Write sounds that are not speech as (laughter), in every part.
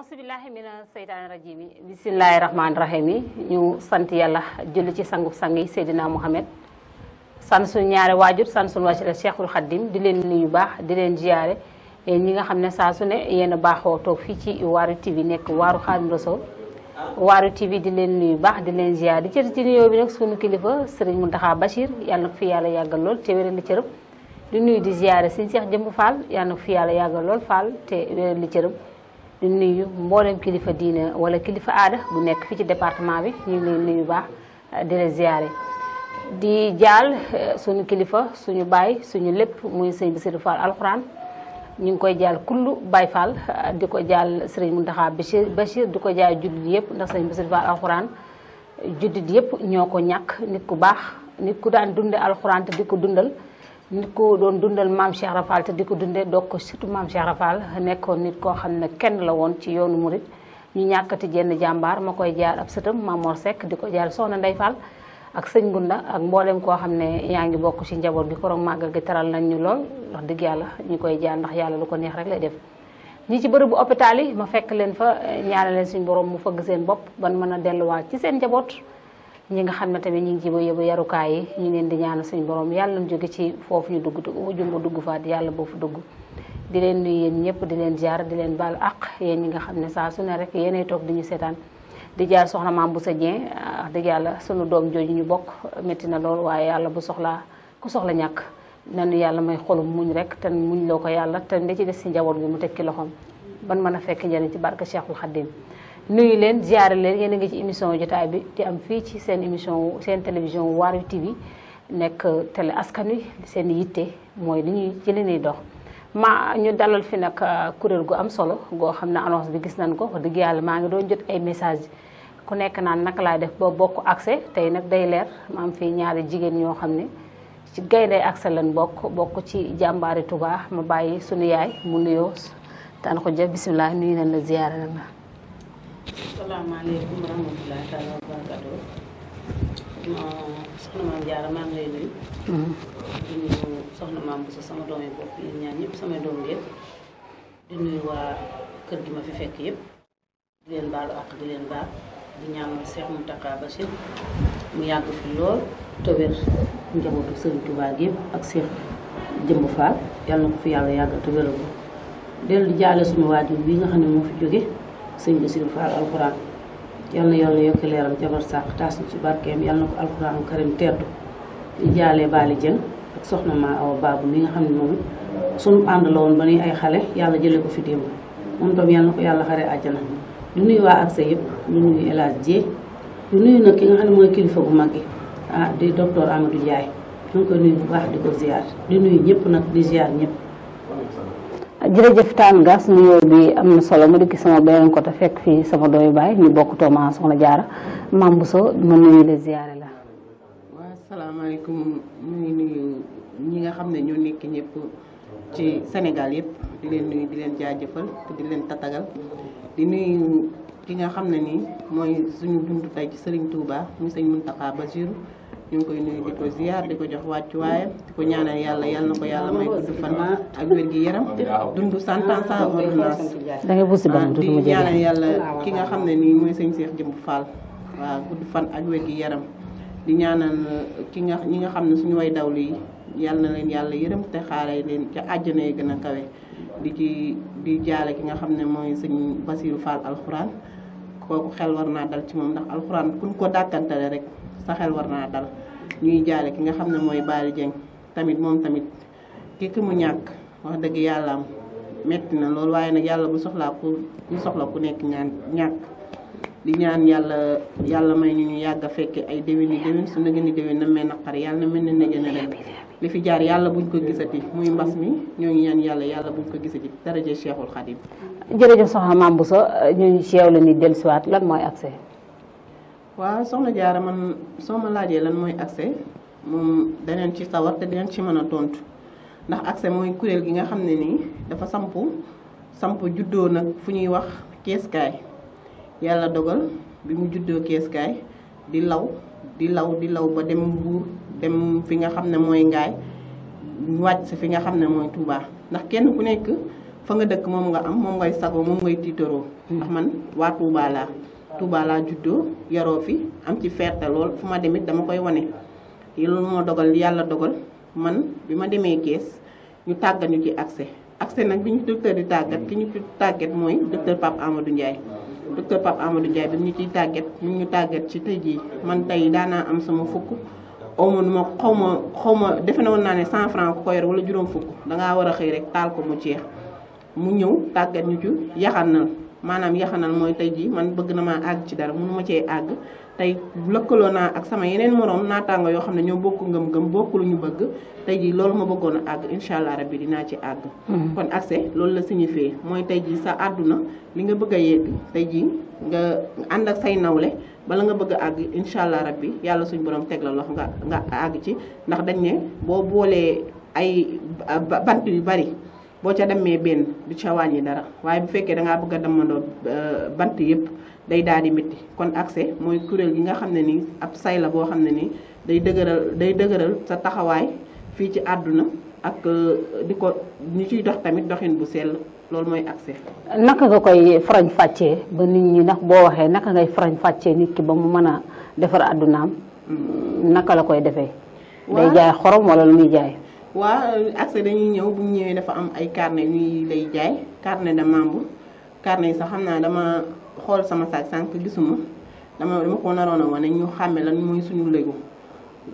ausubillahi mina seytaani rajim yi bisimilahi rahmaani rahim yi ñu sant yàlla julli ci sangu sang yi Seydina Muhammad sant suñu ñaare waajur sant suñu wasila Cheikhul di leen nuyu baax di leen ziyaare ñi nga xam ne saa su ne yéen baaxoo toog fii ci waaru TV nekk waaru Xaadimu Rasuul waaru di leen nuyu baax di leen ziyaare di cër bi nag suñu kilifa Serigne Mountakha Bachir yàlla yàlla yàggal lool te wéral li cërëm di nuyu di ziyaare Serigne Cheikh Jëmb Fall yàlla na fi yàlla yàggal lool Fall te wéral li cërëm di nuyu mboolem kilifa diine wala kilifa aada bu nekk fii ci département bi ñu ngi leen nuyu baax di la ziare. di jaal eh, suñu kilifa suñu baay suñu lépp muy sëñ Bassirou Fall alxuraan ñu ngi koy jaal kullu Baye Fall eh, di ko jaal sëriñ Mountakha Bachir di ko jaal juddit yëpp ndax sañ Bassirou Fall alxuraan eh, juddit yëpp ñoo ko ñàkk nit ku baax nit ku daan dunde alxuraan te di ko dundal. nit ko doon dundal maam Cheikh Rafal te di ko dundee doog ko surtout maam Cheikh Rafal nekkoon nit koo xam ne kenn la woon ci yoonu murit ñu ñàkkati jenn jàmbaar ma koy jaar ab sëtam Mamor Seck di ko jaar Soxna Ndey Fall ak sëñ Gunda ak mboolem koo xam ne yaa ngi bokk ci njaboot gi ko màggal gi teral nañ ñu lool wax dëgg yàlla ñu koy jaar ndax yàlla lu ko neex rek lay def ñi ci bërëbu hôpital yi ma fekk leen fa ñaanal leen suñu borom mu fëgg seen bopp a delluwaat ñi nga xam ne tamit ñu ngi ci ba yóbbu yarukaay yi ñu leen di ñaanal suñu borom yàlla ñu jóge ci foofu ñu dugg jumba dugg faat yàlla boofu dugg di leen nuyu yéen ñëpp di leen jaar di leen baal ak yéen ñi nga xam ne saa su rek yéenay toog di ñu seetaan di jaar soxla maam bu sa jeen wax dëgg yàlla suñu doom jooju ñu bokk métti na lool waaye yàlla bu soxlaa ku soxla ñàkk nanu yàlla may xolum muñ rek ten muñ loo ko yàlla te da ci des si njaboot bi mu ki loxoom ban mën a fekk njëriñ ci barke Cheikhul Khadim nuyu leen ziare leen yéen a ngi ci émission jotaay bi ci am fii ci seen émission seen télévision Waarwi TV nekk télé askan wi seen yitte mooy dañuy ci li ñuy dox. ma ñu dalal fi nag euh, kuréel gu am solo goo xam ne annonce bi gis nañ ko wax dëgg yàlla maa ngi doon jot ay message ku nekk naan naka laay def ba bokk accès tey nag day leer ma am fii ñaari jigéen ñoo xam ne ci gaynde accès lan bokk bokk ci jàmbaari Touba ma bàyyi sunu yaay mu nuyoo daan ko jëf bisimilah nuyu nañ la ziare salaamaaleykum wa rahmatulah taala wa barakatu ma soxna maam Diarra maa ngi nuyu. Mm-hmm. di nuyu soxna maam Bousso sama doom yi bopp yéen ñaar ñëpp samay doom yëpp. di nuyu ma fi fekk yëpp. di mu yàgg fi lool te wér njabootu Sëriñ Touba gi yëpp ak Jëmb Fall yàlla ko fi yàlla yàgg te wéral ko dellu jaale waajur bi nga xam ne moo fi jóge sëñ Bassirou Fall alxuraan yal na yàlla jabar sàq taas ñu ci barkeem yal na ko alxuraanu karim teddu di jaalee Bali Dieng ak soxna maa awa baabu mi nga xam ne moom sunu ànd la woon ba nuy ay xale yàlla jëlee ko fi démb moom tam yal ko yàlla xaree àjjana di nuyu waa ak sa yëpp ñu nuyu nag ki nga xam ne mooy kilifa bu mag gi ah di docteur Amadou Ndiaye ñu ngi koy nuyu bu baax di ko ziar di nuyu ñëpp nag di ziar ñëpp. jërëjëf Tall Gass nuyoo bi am na solo ma dikk sama beneen côté fekk fii sama dooyu baay ñu bokk tooma soxna jaara Mame Bousso mën nañu la ziyaare la waaw salaamaaleykum mu ngi nuyu ñi nga xam ne ñoo nekk ñëpp ci Sénégal yëpp di leen nuyu di leen jaajëfal te di leen tatagal di nuyu ki nga xam ne nii mooy suñu dund tey ci Serigne Touba muy sëñ Mountakha Bassirou ñu ngi koy nuyu di ko ziar di ko jox wàccuwaayam di ko ñaanal yàlla yal na ko yàlla may ko fan ak wér gi yaram dund cent ans sans ordonnance di ñaanal yàlla ki nga xam ne nii mooy sëñ Seex Jëmb Fall waaw gudd fan ak wér gi yaram di ñaanal uh, ki nga ñi nga xam ne suñu way dawlu yi yàlla na leen yàlla yërëm te xaare leen ca àjjana yi gën a kawe di ci jaale ki nga xam ne mooy sëñ Basiru Fall alxuraan kooku xel war naa dal ci moom ndax alxuraan kuñ ko dàkkantale rek sa xel war naa dal ñuy jaale ki nga xam ne mooy Baali Dieng tamit moom tamit kii mu ñàkk wax dëgg yàlla metti na loolu waaye nag yàlla bu soxlaa ku ku soxla ku nekk ñaan ñàkk di ñaan yàlla yàlla may ñu ñu yàgg a fekke ay déwéni déwén su nëgëni déwén na may naqar yàlla na mel ne nëgëni ren yàlla buñ ko gisati muy mbas mi ñoo ngi ñaan yàlla yàlla buñ ko gisati daraje Cheikhul Khadim jërëjëf soxna Mame Bousso ñu ngi ci yow la ñuy dellusiwaat lan mooy accès waaw soxna jaara man soo ma laajee lan mooy accès moom daneen ci sawar te daneen ci mën a tontu ndax accès mooy kuréel gi nga xam ne nii dafa sampu sampu juddoo nag fu ñuy wax keeskaay yàlla dogal bi mu juddoo keeskaay di law di law di law ba dem mbuur dem fi nga xam ne mooy ngaay wàcc si fi nga xam ne mooy Touba ndax kenn ku nekk fa nga dëkk moom nga am moom ngay sagoo moom ngay tiitaroo ndax man waa Touba laa Touba laa juddoo yaroo fi am ci fierté lool fu ma demit dama koy wone wane loolu moo dogal yàlla dogal man bi ma demee gees ñu tàggat ñu ci accès accès nag bi ñu docteur di tàggat ki ñu ci mooy docteur Pape Amadou Ndiaye docteur Pape Amadou Ndiaye bi ñu ciy tàggat ñu ñu tàggat ci tey jii man tey daanaa am sama fukk aw ma nu ma xaw ma xaw ma defe na woon naa ne 100 francs ku ko yor wala juróom fukk dangaa war a xëy rek taal ko mu jeex mu ñëw tàggat ñu ci maanaam yaxanal mooy tey jii man bëgg na maa àgg ci dara mënu ma cee àgg tey lëkkaloo naa ak sama yeneen moroom naataango yoo xam ne ñoo bokk ngëm-ngëm bokk lu ñu bëgg tey jii loolu ma bëggoon a àgg incha allah bi dinaa ci àgg hmm. kon accès loolu la signifié mooy tey jii sa àdduna li nga bëgg a yegg tey jii nga ànd ak say nawle bala nga bëgg àgg incha allah bi yàlla suñu borom teg la loxo nga nga àgg ci ndax dañ ne boo boolee ay bant yu bari boo ca demee benn du ca wàññi dara waaye bu fekkee dangaa bëgg a demandoo euh, bant yëpp day daal di kon accès mooy kuréel gi nga xam ne nii ab say la boo xam ne nii day dëgëral day dëgëral sa taxawaay fii ci àdduna ak euh, di ko ñu ciy dox tamit doxin bu sell loolu mooy accès. naka nga koy farañ fàccee ba nit ñi ndax boo waxee naka ngay farañ fàccee nit ki ba mu mën a defar àddunaam. Mm. naka la koy defee. day jaay xorom wala lu muy jaay. waa accès dañuy ñëw bu ñu ñëwee dafa am ay yu ñuy lay jaay carnet de membre carnet yi sax xam naa dama xool sama saag sànq gisuma dama dama ko naroon a wane ñu xàmme lan mooy suñu légu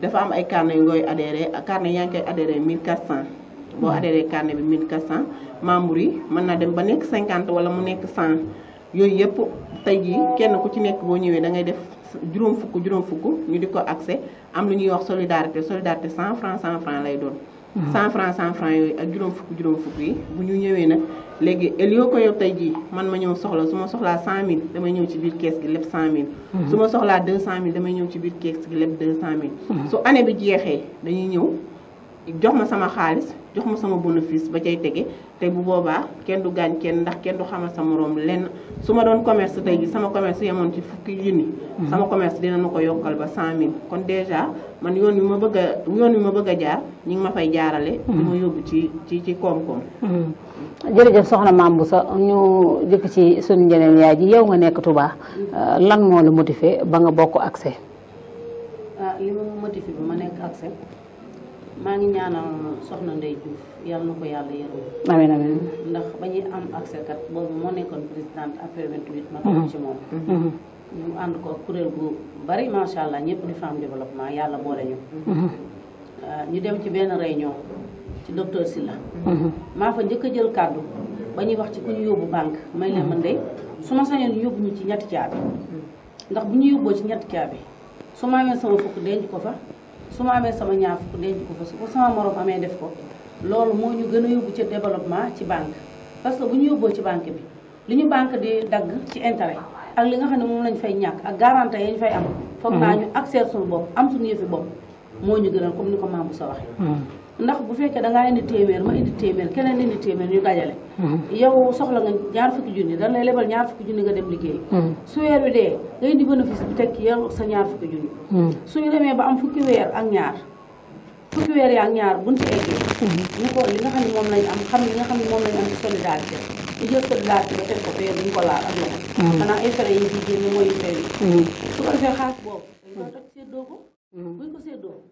dafa am ay carnet yu ngooy adhéré carnet yaa ngi koy adhéré 1400 boo adhéré carnet bi cent membre yi mën naa dem ba nekk cinquante wala mu nekk 100 yooyu yëpp tey jii kenn ku ci nekk boo ñëwee da ngay def juróom fukk juróom fukk ñu di ko accès am lu ñuy wax solidarité solidarité 100 francs 100 francs lay doon cent franc cent franc yooyu ak juróom fukk juróom fukk yi bu ñu ñëwee nag léegi elio ko yow tey jii man ma ñëw soxla su ma soxlaa cent mille damay ñëw ci biir kees gi lépp cent mille hmm. su ma soxlaa deux cent mille damay ñëw ci biir kees gi lépp deux cent mille hmm. su année bi jeexee dañuy ñëw jox ma sama xaalis jox ma sama bénéfice ba cay tege te bu boobaa kenn du gaañ kenn ndax kenn du xamal sa moroom lenn su ma doon commerce tey gi sama commerce yemoon ci fukki junni hmm. sama commerce dina na ko yokkal ba cent mille kon déjà man yoon yu ma bëgg a yoon yu ma bëgg a jaar ñi ngi ma fay jaarale hmm. di ma yóbbu ci ci ci koom-koom soxla hmm. soxna Mame Bousso ñu jëkk ci suñu ñeneen yaay ji yow nga nekk Touba euh, lan moo la motivé ba nga bokk accès ah, li ma motivé ba ma nekk maa ngi ñaanal soxna ndey Diouf yal na ko yàlla yërëm. amiin amiin ndax ba ñuy am accès kat boobu moo nekkoon présidente après 28 ma toog mhm. ci moom. Mhm. ñu ànd ko kuréel gu bari macha allah ñëpp di femme développement yàlla boole ñu. Mhm. Euh, ñu dem ci benn réunion ci docteur la maa fa njëkk a jël kàddu ba ñuy wax ci ku ñu yóbbu banque may leen man de su ma sañoon yóbbu ñu ci ñetti caabi. ndax bu ñu yóbboo ci ñetti caabi su ma amee sama fukk denc ko fa. su ma amee sama ñaar fukk denc ko fa su ko sama morom amee def ko loolu moo ñu gën a yóbbu ci développement ci banque parce que bu ñu yóbboo ci banque bi li ñu banque di dagg ci intérêt ak li nga xam ne moom lañu fay ñàkk ak garante yi ñu fay am foog naa hmm. ñu accès suñu bopp am suñu yëfi bopp moo ñu gënal comme ni ko maam bu sa waxee hmm. ndax bu fekkee dangaa indi téeméer ma indi téeméer keneen indi téeméer ñu dajale hmm. yow soxla nga ñaar fukki junni dañ lay lebal ñaar fukki junni nga dem liggéey hmm. su weer bi dee nga indi bénéfice bi teg sa ñaar fukki junni hmm. suñu ba am fukki ak ñaar fukki weer ak ñaar buñ ci eggee ñu ko li nga xam ne ñu ko ko laal ak loolu xanaa ay frais yi di génn mooy frais yi su ko defee xaas boobu dañ ko toj séddoo ko buñ ko séddoo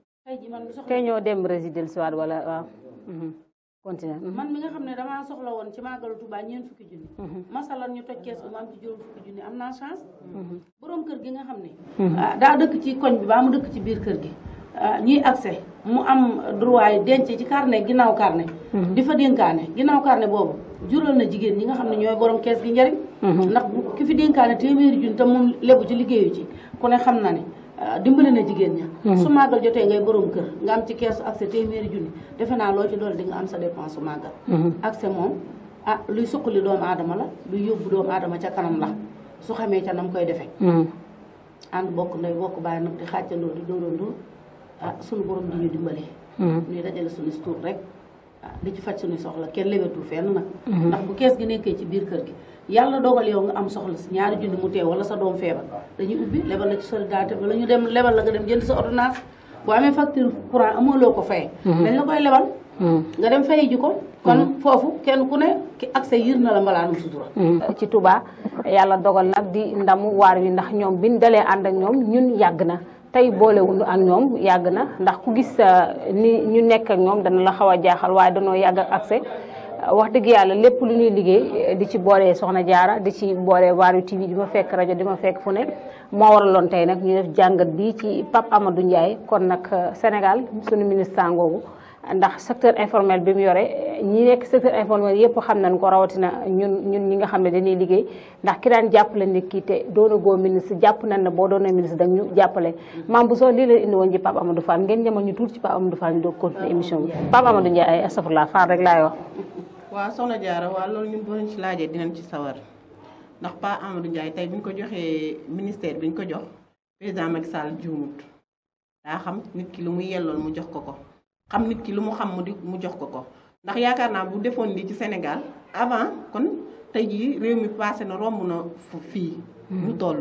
tey ñoo dem résidel soir wala waaw mhm. continuer mhm. man mi nga xam ne damaa soxla woon ci màggalu Tuubaa ñeent fukki junni mhm. masalan ñu toj kees bu ma am ci juróom fukki junni am naa chance boroom kër gi nga xam ne ah, daa dëkk ci bi baa mu dëkk ci biir kër gi ah, ñuy accès mu am droit yi denc ci carnet ginnaaw carnet di fa dénkaane ginnaaw carnet boobu jural na jigéen ñi nga xam ne ñooy borom kees gi njariñ ndax ki fi dénkaane téeméeri junni te moom lebu ci liggéeyu ci ku ne xam na ne Euh, dimbali na jigéen ña mm-hmm. su màggal jotee ngay borom kër nga am ci keesu ak sa téeméeri junni defe naa loo ci dool di nga am sa dépense su màggal mm-hmm. ak sa moom ah luy suqali doomu aadama la luy yóbbu doomu aadama ca kanam la su xamee ca nam koy defee mm-hmm. ànd bokk nday bokk bàyyi nag di xàccandoo di dóorandoo ah suñu borom di ñu dimbali ñuy dajale suñu tuur rek li ah, ci faj suñuy soxla kenn lewetul fenn na ndax bu kees gi nekkee ci biir kër gi yàlla dogal yow nga am soxla si ñaari junni mu teew wala sa doom feebar dañuy ubbi lebal la ci solidarité wala ñu dem lebal la nga dem jënd sa ordonnance boo amee facture courant amoo loo ko fayee. Mm-hmm. dañ la koy lebal. Mm-hmm. nga dem fay ji ko. kon mm-hmm. foofu kenn ku ne ki accès yir na la mbalaanum sutura. ci tubaa yàlla dogal nag di ndamu waar wi ndax ñoom biñ dalee ànd ak ñoom ñun yàgg na. tey boolewuñu ak ñoom yàgg na ndax ku gis uh, ni ñu nekk ak ñoom dana la xaw a jaaxal waaye danoo yàgg ak accès wax dëgg yàlla lépp lu ñuy liggéey di ci boole Soxna Jaara di ci boole Waarwi TV di ma fekk rajo di ma fekk fu nekk moo loon tey nag ñu def jàngat bi ci Pape Amadou Ndiaye kon nag euh, Sénégal sunu ministre ngoogu ndax secteur informel bi mu yore ñi nekk secteur informel yëpp xam nañ ko rawatina ñun ñun ñi nga xam ne dañuy liggéey ndax ki daan jàppale nit kii te doona goo ministre jàpp nañ ne boo doona ministre ñu jàppale maam bu soo lii leen indi woon ci Pape Amadou Fall ñu tuuti ci Pape Amadou Fall ñu a continuer émission bi Pape Amadou Ndiaye rek laay wax waaw soxna Diarra waa loolu ñun boo ci laajee dinañ ci sawar ndax Pape Amadou Ndiaye tey bi ñu ko joxee ministère bi ko jox président Macky Sall juumut daa xam nit ki lu mu jox ko ko xam nit ki lu mu xam mu di mu jox ko ko ndax yaakaar naa bu defoon lii ci senegal avant kon tey jii réew mi passé na romb na fii hmm. mu toll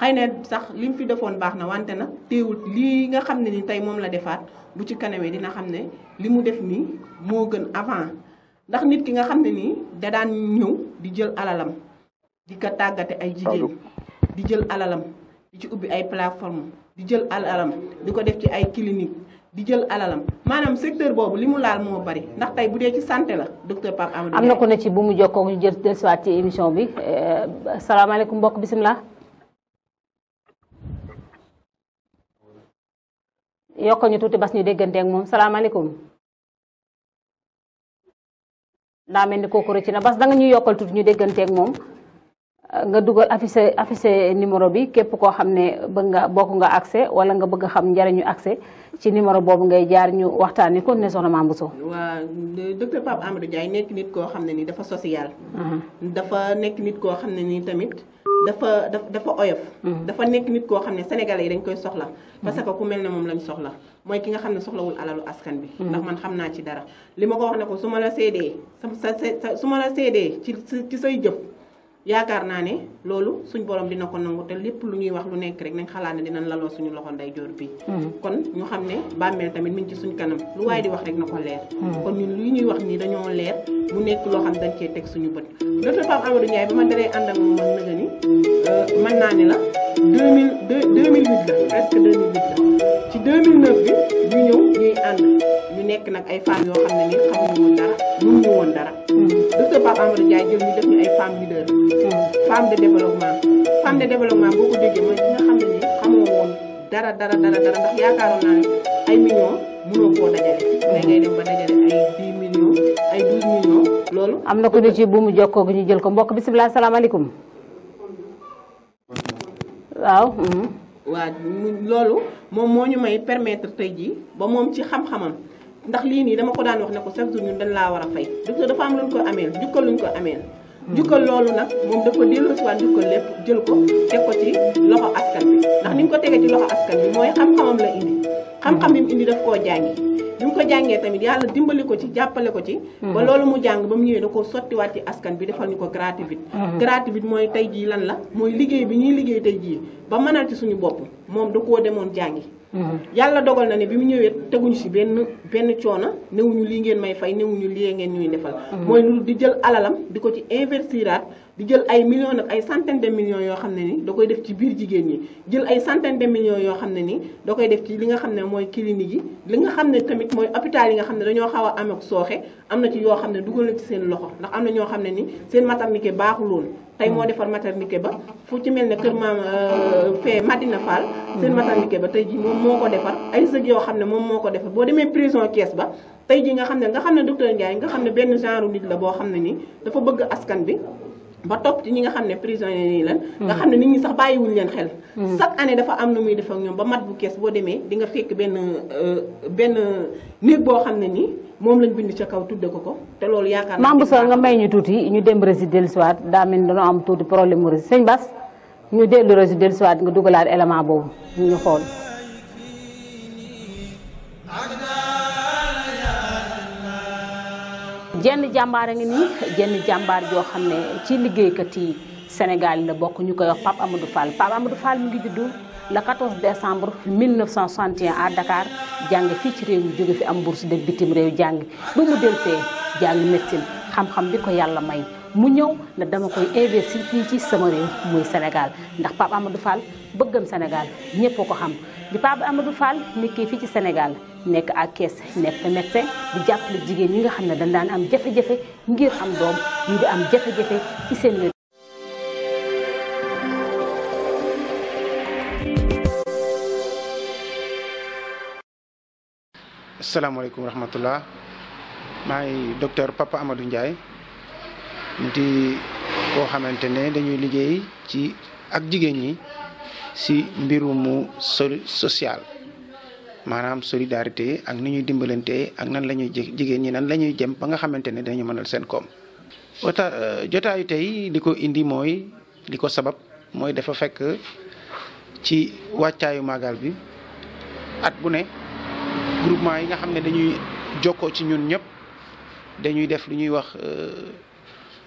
xëy na sax li mu fi defoon baax na wante nag téewul lii nga xam ne ni tey moom la defaat bu ci kanamee dina xam ne li mu def nii moo gën avant ndax nit ki nga xam ne nii da daan ñëw di jël alalam di ko tàggate ay jigéen di jël alalam di ci ubbi ay plateforme di jël alalam di ko def ci ay clinique di jël alalam maanaam secteur boobu li mu laal moo bari ndax tey bu dee ci santé la docteur Pape Amadou. am na ko ne ci bu mu jokkoo ñu jël dellusiwaat ci émission bi euh, salaamaaleykum mbokk bisimilah. yokk ñu tuuti bas ñu déggante ak moom salaamaaleykum mel ni kooku rëcc na bas danga ñuy yokkal tuuti ñu dégganteek moom. nga dugal affiché affiché numéro bi képp koo xam ne bëgg nga bokk nga a xam njariñu accès ci numéro boobu ngay jaar ñu waxtaanee kon ne soxna Mame Bousso. waaw docteur Pape Amadou Ndiaye ni dafa social. Mhm. dafa nekk nit koo xam ne nii tamit. dafa dafa dafa oyof. Mhm. dafa nekk koo xam ne yi dañ koy soxla. parce que ku mel ne moom lañ soxla mooy ki nga xam ne soxlawul alalu askan bi. Mhm. ndax man xam naa ci dara. li ma ko wax ne ko su ma la séedee sa sa su ma la séedee ci say jëf. yaakaar naa ne loolu suñ borom dina ko nangu te lépp lu ñuy wax lu nekk rek nañ xalaat ne dinañ laloo suñu loxo ndeyjoor bi hmm. kon ñu xam ne bàmmeel tamit mi ngi ci suñ kanam lu waaye di wax rek na ko leer hmm. kon ñun li ñuy wax nii dañoo leer mu nekk loo xam dañ cee teg suñu bët docteur Pape Amadou Ndiaye ba ma daree ànd ak moom nag euh, naa ne la 2000 2008 la presque 2008 la ci 2009 bi ñu ñëw ñuy ànd nekk nag ay femmes yoo xam ne nii xamuñu woon dara mënuñu woon dara. docteur de développement. femme de développement boo ko am na ko ñu ci bu mu jokkoo gi jël ko mbokk bisimilah salaamaaleykum. waaw. Mhm. waaw loolu moom moo ñu may permettre tey jii ba moom ci xam-xamam. ndax lii nii dama ko daan wax ne ko chaque jour ñun dañ laa war a fay docteur dafa am luñ ko ameel jukkal ñu ko ameel hmm. jukkal loolu nag moom dafa dellu si waat jukkal lépp jël ko teg ko ci loxo askan bi ndax ni mu ko tegee ci loxo askan bi mooy xam-xamam la indi xam-xam bi indi daf koo jàngi bi mu ko jàngee tamit yàlla dimbali ko ci jàppale ko ci hmm. ba loolu mu jàng ba mu ñëwee da koo sottiwaat ci askan bi defal ñu ko gratuite hmm. gratuite mooy tey jii lan la mooy liggéey bi ñuy liggéey tey jii ba mënal ci suñu bopp moom da koo demoon jàngi yàlla dogal na ne bi mu ñëwee teguñu si benn benn coono newuñu lii ngeen may fay newuñu lii ngeen ñuy defal. Mm-hmm. mooy lu di jël alalam di ko ci investiraat di jël ay million ak ay centaine de million yoo xam ne ni da koy def ci biir jigéen ñi jël ay centaine de millions yoo xam ne ni da koy def ci li nga xam ne mooy clinique yi li nga xam ne tamit mooy hôpital yi nga xam ne dañoo xaw a am ak am na ci yoo xam ne dugal na ci seen loxo ndax am na ñoo xam ne ni seen maternité baaxuloon tey moo defar maternité ba fu ci mel ne kër maam fee Madina Fall seen maternité ba tey ji moom moo ko defar ay sëg yoo xam ne moom moo ko defar boo demee prison Thiès ba tey ji nga xam ne nga xam ne docteur Ndiaye nga xam ne benn genre nit la boo xam ne ni dafa bëgg askan bi ba topp ci ñi nga xam ne prisonniers yi lan nga xam ne nit ñi sax bàyyiwuñ leen xel mm-hmm. chaque année dafa am na muy def ñoom ba mat bu kees boo demee di nga fekk benn euh, benn néeg boo xam ne nii moom lañ bind ca kaw tudde ko ko te loolu yaakaar naa Mame Bousso nga may ñu tuuti ñu dem rési dellu siwaat daa mel ni am tuuti problème mu rési sëñ Bass ñu dellu rési dellu siwaat nga dugalaat élément boobu ñu xool jenn jàmbaar a ngi nii jenn jàmbaar joo xam ne ci liggéeykat yi Sénégal la bokk ñu koy wax Pape Amadou Fall Pape Amadou Fall mu ngi juddu le 14 décembre 1961 à Dakar jàng fii ci réew mi jóge fi am bourse de bitim réew jàng ba mu deltee jàng médecine xam-xam bi ko yàlla may mu ñëw ne dama koy investir fi ci sama réew muy Sénégal ndax Pape Amadou Fall bëggam Sénégal ñëpp ko xam fii ci Sénégal nekk ak kees jigéen ñi nga xam ne dañ daan am jafe-jafe ngir am doom ñu di am Papa Amadou Ndiaye di koo xamante ne dañuy liggéey ci ak jigéen ñi si mbirumu soli social maanaam solidarité ak ni ñuy dimbalante ak nan la ñuy jigéen ñi nan la ñuy jëm ba nga xamante ne dañu mënal seen koom. wata euh, jotaayu tey li ko indi mooy li ko sabab mooy dafa fekk ci wàccaayu màggal bi at bu ne groupement yi nga xam ne dañuy jokkoo ci ñun ñëpp dañuy def lu ñuy wax. Euh,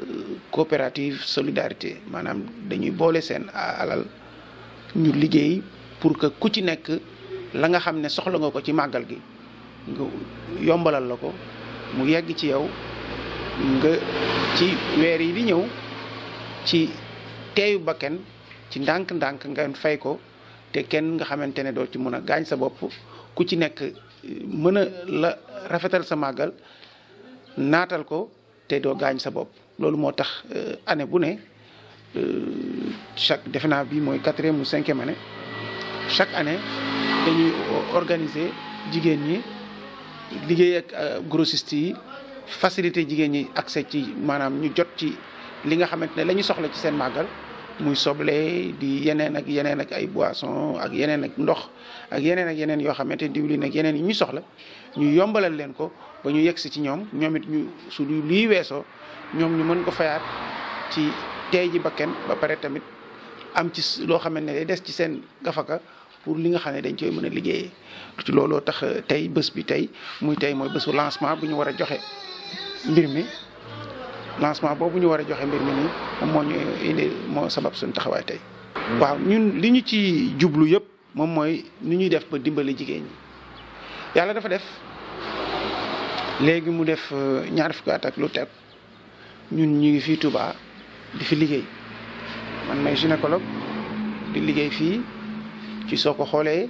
euh, coopérative solidarité maanaam dañuy boole seen alal ñu liggéey pour que ku ci nekk la nga xam ne soxla nga ko ci màggal gi nga yombalal la ko mu yegg ci yow nga ci weer yi di ñëw ci teeyu kenn ci ndànk-ndànk nga fay ko te kenn nga xamante ne doo ci mën a gaañ sa bopp ku ci nekk mën a la rafetal sa màggal naatal ko te doo gaañ sa bopp loolu moo tax euh, année bu ne Euh, chaque defe naa bi mooy quatrième ou cinquième année chaque année dañuy organiser jigéen ñi liggéey ak euh, grossiste yi faciliter jigéen ñi accès ci maanaam ñu jot ci li nga xamante ne la soxla ci seen màggal muy soble di yeneen ak yeneen ak ay boisson ak yeneen ak ndox ak yeneen ak yeneen yoo xamante ne diwlin ak yeneen yi ñu soxla ñu yombalal leen ko ba ñu yegsi ci ñoom ñoom it ñu su lii weesoo ñoom ñu mën ko fayaat ci tey ji kenn ba pare tamit am ci loo xamante ne day des ci seen gafaka pour li nga xam ne dañ koy mën a liggéeyee ci looloo tax euh, tey bés bi tey muy tey mooy bésu lancement bu ñu war a joxe mbir mi lancement boobu ñu war a joxe mbir mi nii moom moo ñu indi moo sabab suñu taxawaay tey. waaw ñun li ñu ci jublu yëpp moom mooy nu ñuy def ba dimbali jigéen ñi yàlla dafa def léegi mu def euh, ñaar fukki at ak lu teg ñun ñu ngi fii Touba. di fi liggéey man may gynécologue di liggéey fii ci soo ko xoolee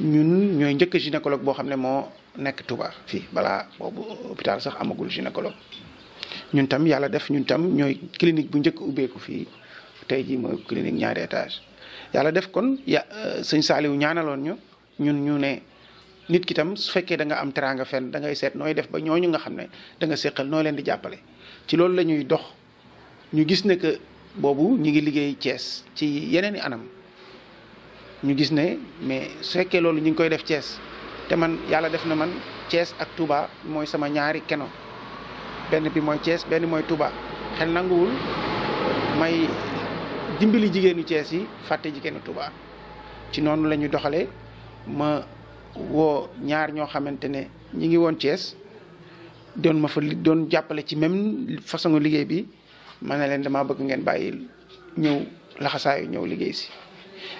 ñun ñooy njëkk gynécologue boo xam ne moo nekk Touba fii balaa boobu hôpital sax amagul gynécologue ñun tam yàlla def ñun tam ñooy clinique bu njëkk ubbeeku fii tey jii mooy clinique ñaari étage yàlla def kon ya euh, sëñ Saaliwu ñaanaloon ñu ñun ñu ne nit ki tam su fekkee da nga am teraanga fen da ngay seet nooy def ba ñooñu nga xam ne danga nga séqal noo leen di jàppale ci loolu la ñuy dox ñu gis ne que boobu ñu ngi liggéey cees ci yeneen i anam ñu gis ne mais su fekkee loolu ñu ngi koy def cees te man yàlla def na man cees ak Touba mooy sama ñaari keno benn bi mooy Thiès benn mooy Touba xel nanguwul may dimbali jigéenu Thiès yi fàtte jigéenu Touba ci noonu la ñu doxalee ma woo ñaar ñoo xamante ne ñi ngi woon Thiès doon ma fa doon jàppale ci même façon liggéey bi. ma ne leen damaa bëgg ngeen bàyyi ñëw laxasaayu ñëw liggéey si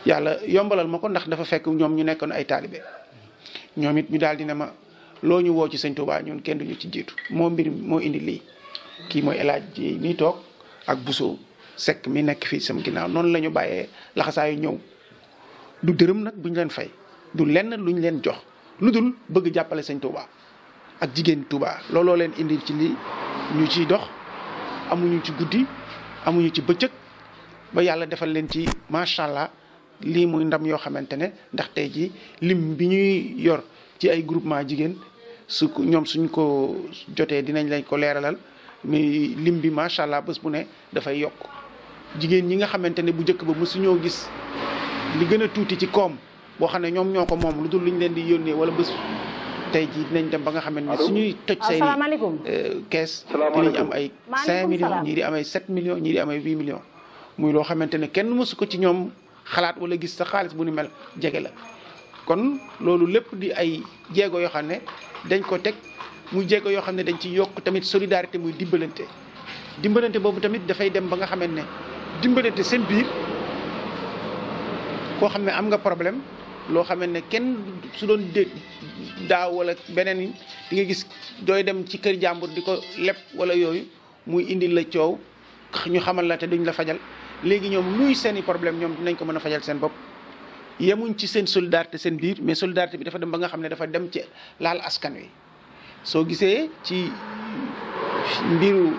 yàlla yombalal ma ko ndax dafa fekk ñoom ñu nekkoon ay taalibe ñoom it ñu daal di ne ma loo ñu woo ci sëñ Tuubaa ñun kenn duñu ci jiitu moo mbir moo indi lii kii mooy El Hadj ji mi toog ak Bousso sekk mi nekk fii sama ginnaaw noonu lañu ñu bàyyee laxasaayu ñëw du dërëm nag bu ñu leen fay du lenn luñ leen jox lu dul bëgg jàppale sañ Tuubaa ak jigéen Tuubaa looloo leen indi ci lii ñu ciy dox amuñu ci guddi amuñu ci bëccëg ba yàlla defal leen ci macha allah lii muy ndam yoo xamante ne ndax tey jii lim bi ñuy yor ci ay groupement jigéen su ñoom suñ ko jotee dinañ lañ ko leeralal mais lim bi macha allah bés bu ne dafay yokk jigéen ñi nga xamante ne bu njëkk ba mësuñoo gis li gën a tuuti ci koom boo xam ne ñoom ñoo ko moom lu dul liñ leen di yónnee wala bés tey jii dinañ dem ba nga xamante ne suñuy toj ah, seen i euh, kees dinañ am ay cinq millions ñii di am ay sept millions ñii di am ay huit millions muy loo xamante ne kenn mësu ko ci ñoom xalaat wala gis sa xaalis bu ni mel jege la kon loolu lépp di ay jéego yoo xam ne dañ ko teg muy jéego yoo xam ne dañ ci yokk tamit solidarité muy dimbalante dimbalante boobu tamit dafay dem ba nga xamante ne dimbalante seen biir koo xam ne am nga problème loo xamante ne kenn su doon dé daaw wala beneen di nga gis dooy dem ci kër jàmbur di ko leb wala yooyu muy indi la coow ñu xamal la te duñ la fajal léegi ñoom luy seeni problème ñoom dinañ ko mën a fajal seen bopp yemuñ ci seen solidarité seen biir mais solidarité bi dafa dem ba nga xam ne dafa dem ci laal askan wi soo gisee ci mbiru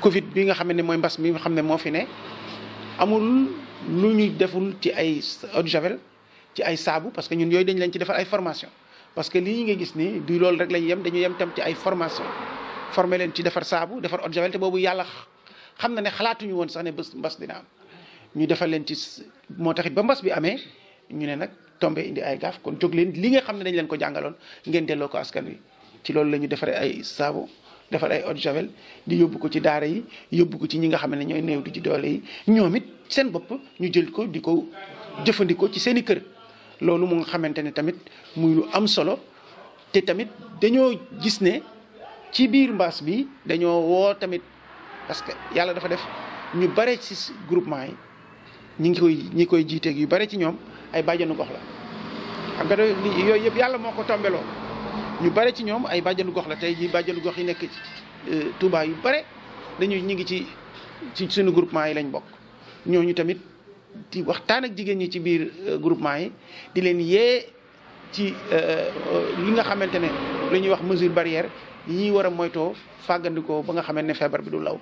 Covid bi nga xam ne mooy mbas mi nga xam ne moo fi ne amul lu ñu deful ci ay eau ci ay saabu parce que ñun yooyu dañ leen ci defal ay formation parce que lii nga gis ni du loolu rek lañu yem dañu yem tam ci ay formation formé leen ci defar saabu defar boobu yàlla xam na ne xalaatuñu woon sax ne mbas dina am ñu defal leen ci moo taxit ba mbas bi amee ñu ne nag tombe indi ay gaaf kon jóg leen li nga xam ne dañ leen ko jàngaloon ngeen delloo ko askan wi ci loolu la ñu defaree ay saabu defar ay eau de di yóbbu ko ci daara yi yóbbu ko ci ñi nga xam ne ñooy néew ci doole yi ñoom it seen bopp ñu jël ko di ko jëfandikoo ci seen i kër loolu mu nga xamante ne tamit muy lu am solo te tamit dañoo gis ne ci biir mbaas bi dañoo woo tamit parce que yàlla dafa def ñu bare ci groupement yi ñi ngi koy ñi koy jiiteeg yu bare ci ñoom ay bàjjanu gox la yëpp yàlla moo ko tombeloo ñu bare ci ñoom ay bàjjanu gox la tey jii bàjjanu gox yi nekk ci euh, Touba yu bare dañuy ñi ngi ci ci suñu groupement yi lañ bokk ñooñu tamit di waxtaan ak jigéen ñi ci biir euh, groupement yi di leen yee ci euh, euh, li nga xamante ne lu ñuy wax mesure barrière yi ñuy war a moytoo fàggandikoo ba nga xamante ne feebar bi du law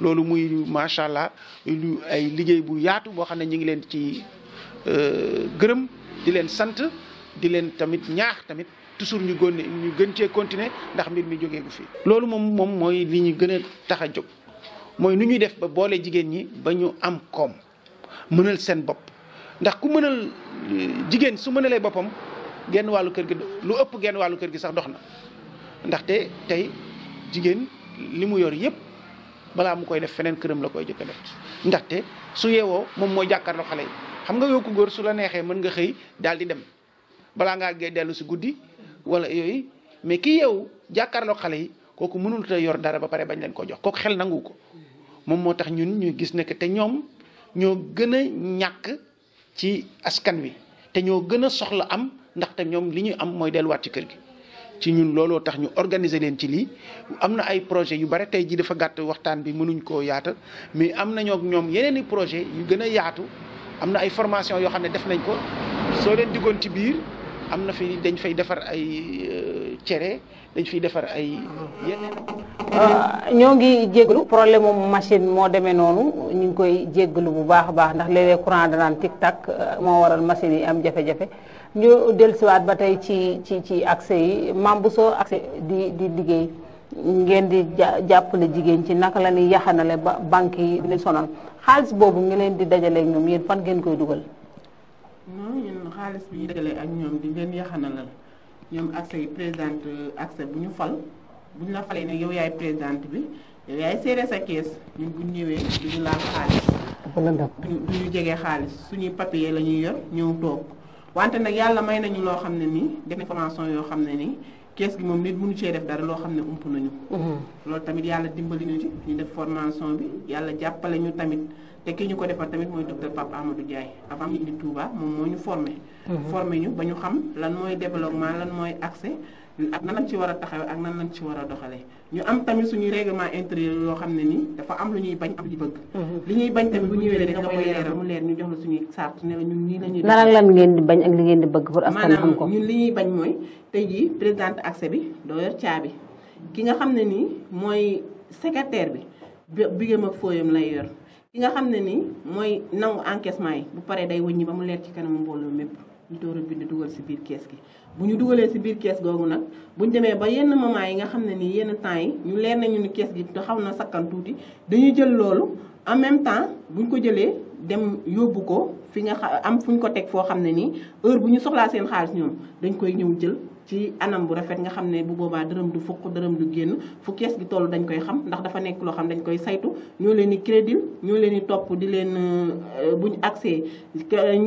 loolu muy macha allah lu ay liggéey bu yaatu boo xam ne ñu ngi leen ci gërëm di leen sant di leen tamit ñaax tamit toujours ñu gónne gën cee continuer ndax mbir mi jógee fii loolu moom moom mooy li ñu gën a tax a jóg mooy nu ñuy def ba boole jigéen ñi ba ñu am koom. mënal seen bopp ndax ku mënal jigéen su mënalee boppam genn wàllu kër gi lu ëpp genn wàllu kër gi sax dox na ndaxte tey jigéen li mu yor yëpp balaa mu koy def feneen këram la koy jëkk def ndaxte su yeewoo moom mooy jàkkaarloo xale yi xam nga yow ku góor su la neexee mën nga xëy daal di dem balaa ngaa gee dellu si guddi wala yooyu mais ki yeewu jàkkaarloo xale yi kooku mënul te yor dara ba pare bañ leen ko jox kooku xel nangu ko moom moo tax ñun ñuy gis ne te ñoo gën a ñàkk ci askan wi te ñoo gën a soxla am ndaxte ñoom li ñuy am mooy delluwaat ci kër gi ci ñun looloo tax ñu organiser leen ci lii am na ay projet yu bare tey ji dafa gàtt waxtaan bi mënuñ koo yaata mi am na ñoo ñoom yeneen i projet yu gën a yaatu am na ay formation yoo xam ne def nañ ko soo leen diggoon ci biir am na fi dañ fay defar ay euh, cere dañ fiy defar ay ah, ñoo ngi jéggalu problème mu machine moo demee noonu ñu ngi koy jéggalu bu baax a baax ndax léeg-léeg courant danaan tic tac ah, moo waral machine yi am jafe-jafe ñu dellusiwaat ba tey ci ci ci accès yi maam soo accès di di liggéey ngeen di jàppale jigéen ci naka la ñuy yaxanale ba banque yi di leen xaalis boobu ngi leen di dajale ñoom yéen fan ngeen koy dugal. xaalis bi ñu ak ñoom di leen yaxanalal ñoom ak say présidente ak bu ñu fal bu ñu la falee nag yow yaay présidente bi yow yaay seere sa kees ñun bu ñu ñëwee du ñu laal xaalis. du ñu jegee xaalis suñuy papier la ñuy yor ñëw toog wante nag yàlla may nañu loo xam ne nii def formation yoo xam ne nii kees gi moom nit munu cee def dara loo xam ne ump nañu. Mm-hmm. loolu tamit yàlla dimbali ñu ci ñu def formation bi yàlla jàppale ñu tamit. te ki ñu ko defal tamit mooy docteur Pape Amadou Ndiaye avant ñu indi Touba moom moo ñu formé. Mhm. formé ñu ba ñu xam lan mooy développement lan mooy accès ak na lañ ci war a taxawee ak nan lañ ci war a doxalee ñu am tamit suñu règlement intérieur loo xam ne nii dafa am lu ñuy bañ am lu bëgg. Mhm. li ñuy bañ tamit bu ñëwee rek nga koy leeral mu la suñuy sart ne la ñun nii la ñuy. lan ak lan ngeen di bañ ak li ngeen di bëgg pour askan xam ko ñun li ñuy bañ mooy tey jii présidente accès bi doo yor caabi ki nga xam ne nii mooy secrétaire bi bigéem ak fooyam lay yor ki nga xam ne ni mooy nangu encaissement yi bu paree day wëññi ba mu leer ci kanamu mbooloo mépp ñu door a bind dugal si biir kees gi bu ñu dugalee si biir kees googu nag bu ñu demee ba yenn moment yi nga xam ne nii yenn temps yi ñu leer nañu ni kees gi te xaw na sakkan tuuti dañuy jël loolu en même temps bu ñu ko jëlee dem yóbbu ko fi nga xa am fu ñu ko teg foo xam ne nii heure bu ñu soxlaa seen xaalis ñoom dañ koy ñëw jël ci anam bu rafet nga xam ne bu boobaa dërëm du fukk dërëm du génn fu kees gi toll dañ koy xam ndax dafa nekk loo xam dañ koy saytu ñoo leen di crédit ñoo leen di topp di leen euh, buñ accès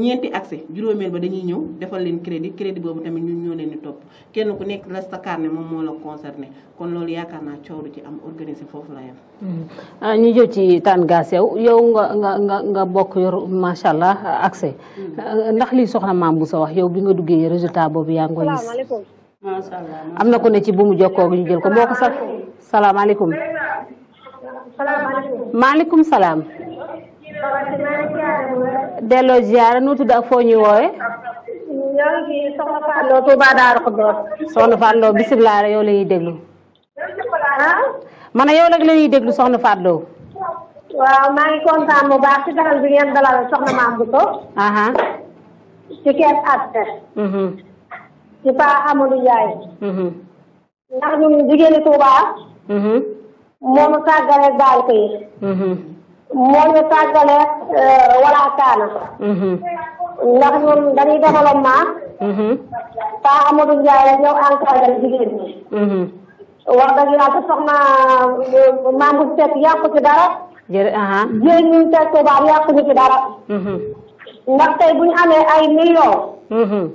ñeenti accès juróomeel ba dañuy ñëw defal leen crédit crédit boobu tamit ñun ñoo leen di topp kenn ku nekk la sa carnet moom moo la concerné kon loolu yaakaar naa coow du ci am organisé foofu la yem. Hmm. Ah, ñu jëw ci tànn gaas yow nga nga nga nga bokk yor macha allah accès hmm. euh, ndax li soxna maam bu sa wax yow bi nga duggee résultat boobu yaa ngi macha am na ko ne ci bu mu jokkoo ñu jël ko moo ko sax salaamaaleykum. salaamaaleykum. maaleykum salaam. delloo ziyaara nu tudd ak foo ñuy woowee. soxna Fallou Touba Darou Khoudoss. soxna Fallou bisimilah yow la ñuy déglu. Ah? ma ne yow rek la déglu soxna Fallou. waaw maa ngi kontaan bu baax ci dalal bi ngeen dalal soxna Mame Bousso. ci kees atte. ci Paa Amadou Ndiaye. Mm-hmm. ndax ñun jigéeni Tuubaa. Mm-hmm. moo ñu tàggaleeg baal ko yi. Mm-hmm. moo ñu tàggaleeg euh, wala kaana. ndax ñun dañuy développement. Paa Amadou Ndiaye rek ñëw encadré jigéen ñi. wax dëgg yàlla soxna euh, maam bu set yàqu ci dara. jërëjëf ah. jigéen ñi ñu teg Tuubaa yàqu ñu ci dara. ndax tey bu ñu amee ay millions.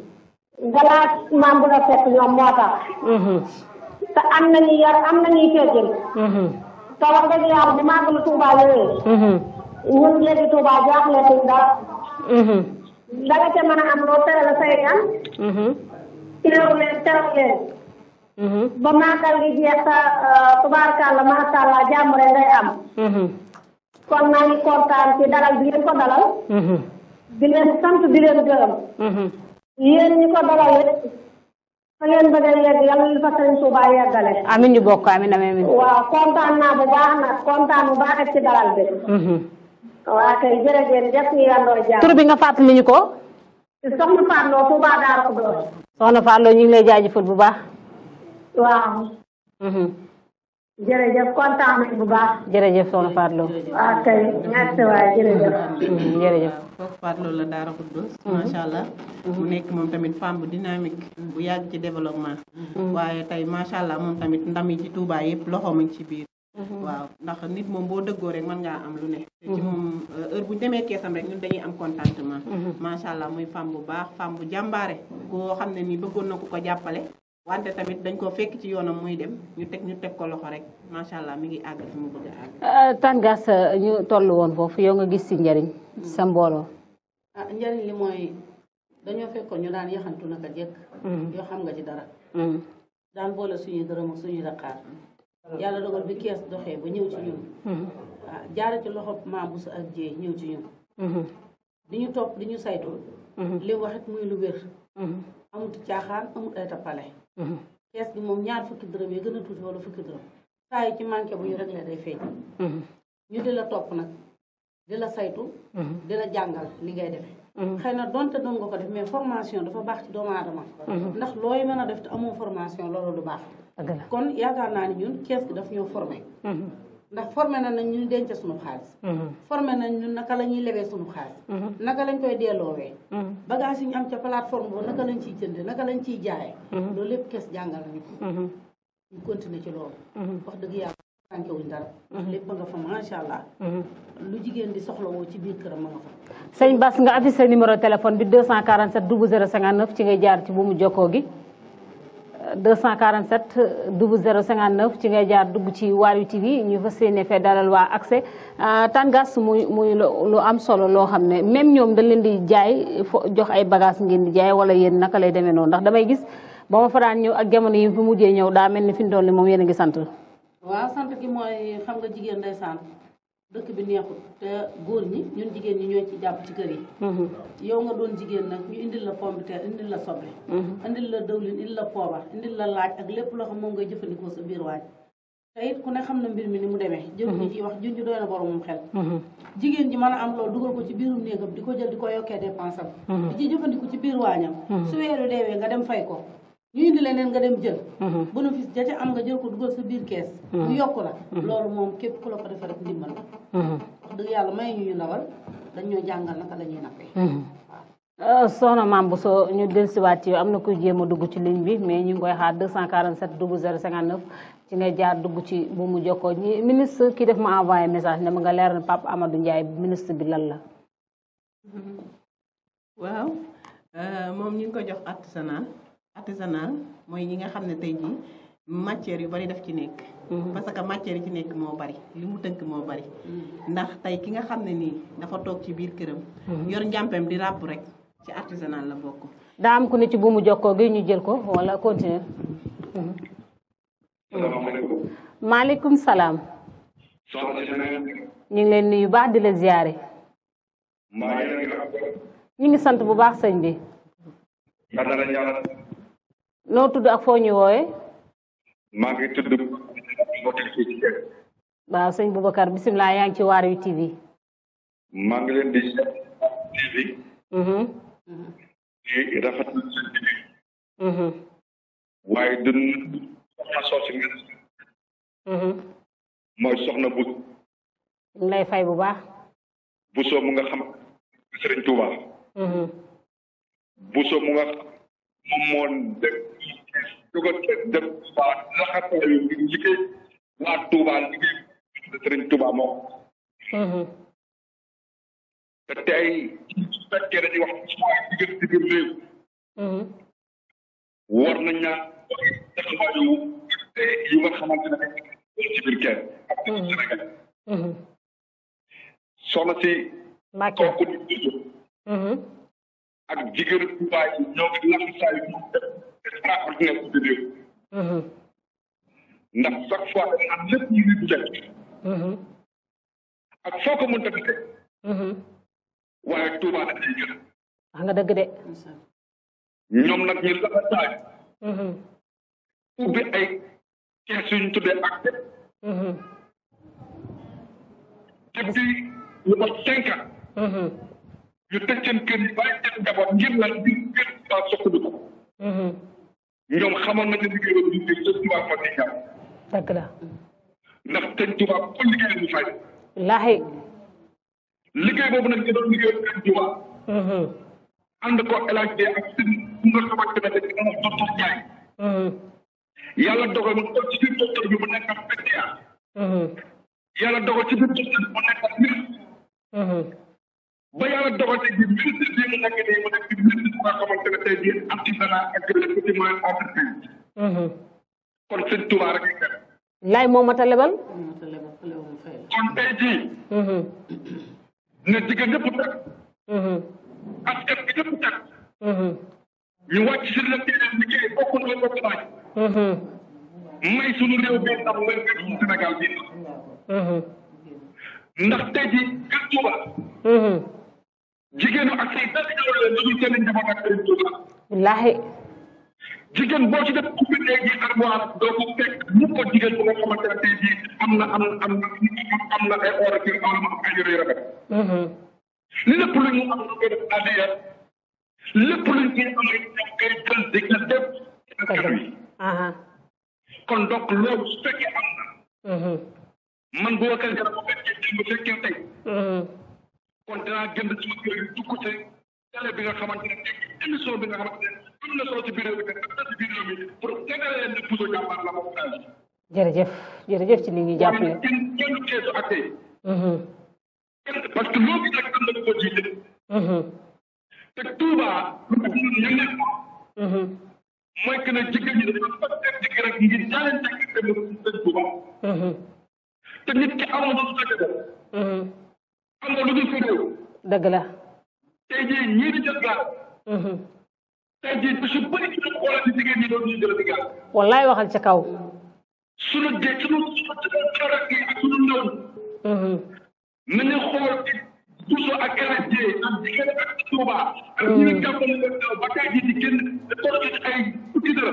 balaa maam bu la fekk ñoom moo tax. Mhm. te am nañu yar am nañuy teggin. Mhm. te wax dëgg yàlla bu màggalu Touba ñëwee. Mhm. ñun léegi Touba jaaxle tuñ dara. da nga ca mën a am loo tere la naa ngi kontaan ci dalal bi ngeen ko dalal. di leen sant di leen gërëm. yéen ñi ko dalal yëpp fa leen bëgg a yegg yàlla li fa sëriñ Tuubaa amin ñu bokk amin amin amin waaw kontaan naa bu baax nag kontaan bu baax ci dalal bi mhm. waa bi nga fàttali ñu ko soxna Fatou Lo Touba Darou Khoudoss soxna Fatou Lo ñu ngi lay jaajëfal bu baax waaw mhm. jërëjëf kontaan nañu jërëjëf soxna ah, mm-hmm, Fatou Lo. la Daara Khoudoss. Mm-hmm. macha allah. mu mm-hmm. nekk moom tamit femme bu dynamique. bu yàgg ci développement. waaye tey macha allah moom tamit ndam yi ci Touba yëpp loxo mu ci biir. waaw ndax nit moom boo dëggoo rek mën ngaa am lu ne. Euh, heure bu demee keesam rek ñun dañuy am contentement. macha allah muy femme bu baax femme bu jàmbaare. koo xam ne nii bëggoon na ku ko jàppale. wante tamit dañ ko fekk ci yoonam muy dem ñu teg ko loxo rek macha allah mi ngi àgg fi mu bëgg a àgg. Ah, tàngaas uh, ñu toll woon foofu yow nga gis ci njariñ sa hmm. mbooloo. ah njariñ li mooy dañoo fekkoon ñu daan yaxantu a jekk. Hmm. yoo xam nga ci dara. Hmm. daan boole suñuy dërëm ak suñuy daqaar. yàlla dogal doxee ba ñëw ci ñun. ah jaare ci loxo maabus ak jéey ñëw ci ñun. di ñu topp di ñu saytu. li waxit muy lu wér. amut caaxaan amut ay tappale. kees gi moom ñaar fukki dërëm yi gën a tuuti wala fukki dërëm saa yi ci manqué bu ñu réglé day feeñ ñu di la topp nag di la saytu di la jàngal li ngay defee xëy na donte doon nga ko def mais formation dafa baax ci doomu aadama ndax looy mën a def te amoo formation loolu lu baax kon yaakaar naa ni ñun kees gi daf ñoo formé ndax formé na nañ ñu denc suñu xaalis mhm. formé nañ ñu naka la ñuy lebee suñu xaalis mhm. naka lañ koy delloowee mhm. bagage yi ñu am ca plateforme boobu naka lañ ciy jënd naka lañ ciy jaayee loolu lépp kees jàngal nañu ñu continuer ci loolu wax dëgg yàlla tànke wuñ dara lépp nga fa macha allah lu jigéen di soxlawoo ci biir këram ma nga fa sëñ Bass nga affiché numéro téléphone bi 247 0059 ci ngay jaar ci bu mu jokkoo gi 247 0059 ci ngay jaar dugg ci Waarwi TV ñu fas yéene fee dalal waa accès ah, tàngaas muy muy lu am solo loo xam ne même ñoom da leen di jaay fo jox ay bagage ngeen di jaay wala yéen naka lay demee noonu ndax damay gis ba ma fa daan ñëw ak yi fi mujjee ñëw daa mel ni fi mu doon moom yéen a ngi sant. waaw sant gi mooy xam nga jigéen day dëkk bi neexul te góor ñi ñun jigéen ñi ñoo ci jàpp ci kër yi mhm. yow nga doon jigéen nag ñu indil la pomme de terre indil la soble mhm. indil la dëwlin indil la poobar indil la laaj ak lépp loo xam moom ngay jëfandikoo sa biir waaj te it ku ne xam na mbir mi ni mu demee mhm. jëm ñi ciy wax junj doy na borom moom xel jigéen ji mën a am loolu dugal ko ci biirum néegam di ko jël di ko yokkee dépense am di ci jëfandiku ci biir waañam su weeru deewee nga dem fay ko ñu indi leneen nga dem jël. Mhm. bénéfice ja ca am nga jël ko dugal sa biir kees. Mhm. mu yokk la. Mhm. loolu moom képp ku la ko defee rek ndimbal la. wax dëgg yàlla may ñu ñu ndawal dañ ñoo euh, ci am na koy jéem a dugg ci ligne bi mais ñu ngi koy xaar 247 0059 ci nga jaar dugg ci bu mu jokkoo ñi ministre ki def ma envoyé message ne ma nga leer na Pape Amadou Ndiaye ministre bi lan la. waaw euh, moom ñu ngi ko jox artisanal. artisanal mooy ñi nga xam ne tey jii matière yu bari daf ci nekk. Mhm. parce que matière yi ci nekk moo bari li mu tënk moo bari. Mhm. ndax tey ki nga xam ne nii dafa toog ci biir këram. Mhm. yor njàmpeem di ràbb rek ci artisanal la bokk. daa am ku ne ci buumu jokkoo gi ñu jël ko wala continuer. salaamaaleykum. salaam. ñu ngi leen nuyu baax di la ziyaare. ñu ngi sant bu baax sëñ bi. noo tudd ak foo ñu wooye maa ngi tudd waaw sëñ Boubacar bisimilah yaa ngi ci waar wi TV maa ngi leen di TV mm-hmm. di rafetlu seen liggéey mm-hmm. waaye du mm-hmm. soxna soosu soxna bu ñu lay fay bu baax busoo mu nga xam sëriñ Tuubaa busoo mu nga moom moo dëkk su ko def waa laxataayu bi liggéey waa Touba liggéey Sëriñ Touba moo mm-hmm. te tey su fekkee dañuy wax ci waa diggante biir réew mm-hmm. war na ñaa taxawaayu yi nga xamante ne ci biir kenn ak mm-hmm. Sénégal soxna si kooku di ak jigéenu Touba yi ñoo ngi laxu saa yu ñu def extraordinaire ci biir réew mhm. ndax chaque fois dañu am lépp ñu ngi jël mhm. ak foo ko mënta gisee mhm. waaye Touba dañ lay jël wax nga dëgg de ñoom nag ñu laxa saay ubbi ay kees yu ñu tuddee acte depuis lu ko cinq ans ñu tëj seen kër yi bàyyi seen njaboot ngir lan ngir ngir saa soppandiku. Mm-hmm. ñoom xamoon nañu liggéey boobu ñu tëj seen tubaab fan yii ñaaw. dëgg la. ndax seen tubaab ku liggéey ñu fay. laaxi. liggéey boobu nag ñu doon liggéeyal seen tubaab. Mm-hmm. ànd ko élargi ak seen bu nga xamante ne dañu am docteur mm-hmm. ci biir docteur bi mu nekk ak PTA. ba yàlla dogal tey jii ministre bi mu nekk nii mu nekk ministre bu nga xamante ne tey jii artisanat ak le petit moyen entreprise. Mhm. kon sëñ Touba rek lañ def. laay moo mat a lebal. kon tey jii. Mhm. na jigéen ñëpp teg. Mhm. askan bi ñëpp teg. ñu wàcc si la téeméer liggéey bokk na bokk naaj. may sunu réew bi ndax mooy réew suñu Sénégal bi ndax tey jii kër Touba. jigéenu ak say benn ñoom la ñu seen njaboot ak seen tuuba. wallaahi. jigéen boo ci def ubbi tey jii armoire doo ko fekk mu ko jigéen bu nga xamante ne tey jii am na am na am na am na ay orateur wala mu am ay yore yu rafet. Mm-hmm. lépp lu ñu am lu ko def adiya lépp lu ñu am ay ay jël digle def. Uh-huh. kon donc loolu su fekkee am na. Mm-hmm. man bu fekkee tey. Mm-hmm. kon danaa gën di sama kër yi dugg ci télé bi nga xamante ne émission bi nga xamante ne am na solo ci biir réew mi am na ci biir réew mi pour tegalee leen ne Bousso Diambar la moom daal. jërëjëf jërëjëf ci li ñuy jàppale. kenn kenn keesu ak tey. Mm-hmm. parce que loo gis rek am na ko jiite. Mm-hmm. te Touba lu ko ñun ñu nekk ko. mooy que ne jigéen ñi dafa fas seen jigéen rek ngir jaalante ak seen Touba. Mm-hmm. te nit ki amoon na su fekkee xam nga lu dul fi réew. dëgg mhm. waxal ca kaw. sunu géej sunu sunu corak gi ak sunu ndaw. Mhm. nañu xool ci puso ak keneen mhm. jee ba ay tuuti dara.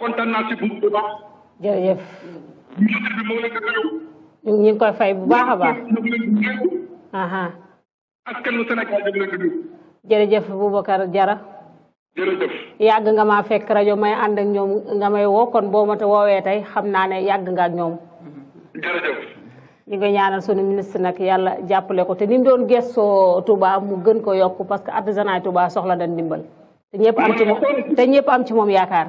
kontaan naa koy fay bu baax a baax. askanu Sénégal jërëjëf Boubacar Diarra. jërëjëf. yàgg nga ma fekk rajo may ànd ñoom nga may woo kon boo ma te woowee tey xam naa ne yàgg nga ñoom. jërëjëf. ñu ngi ñaanal sunu ministre nag yàlla jàppale ko te ni mu doon gëstoo Touba mu gën ko yokk parce que artisanat tubaa soxla na ndimbal. te ñëpp am ci moom te ñëpp am ci moom yaakaar.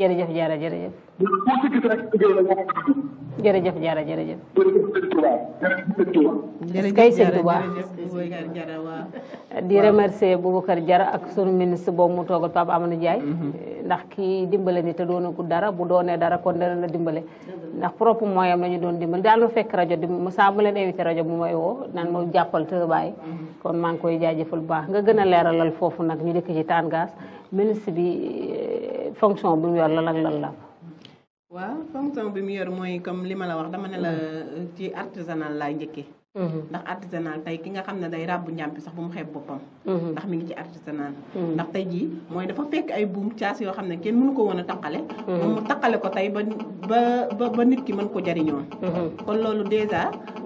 jërëjëf jaara jërëjëf. jërëjëf jaara jërëjëf. kay sëñ Tuubaa di remercier Boubacar Diarra ak sunu ministre boo mu toogal Pape Amadou jaay mhm. ndax kii dimbale ni te doonu ko dara bu doonee dara kon dana la dimbale. ndax propre moyen la ñu doon dimbale daal ma fekk rajo di mu saa mu leen invité rajo bu may woo naan ma jàppal te bàyyi. Mhm. kon maa koy jaajëfal bu baax nga gën a leeralal foofu nag ñu dëkk ci Tann ministre bi euh, fonction bu mu yor lan ak lan la. waaw fonction bi mu yor mooy comme li ma la wax dama ne la euh, ci artisanal laa njëkkee. Mhm. ndax artisanal tey ki nga xam ne day ràbbu njàmpi sax bu mu xeeb boppam mhm. ndax mi ngi ci artisanal mhm. ndax tey jii mooy dafa fekk ay buum caas yoo xam ne kenn mënu ko woon a taqale mu taqale ko tey ba ba ba nit ki mën ko jariñoon kon loolu dèjà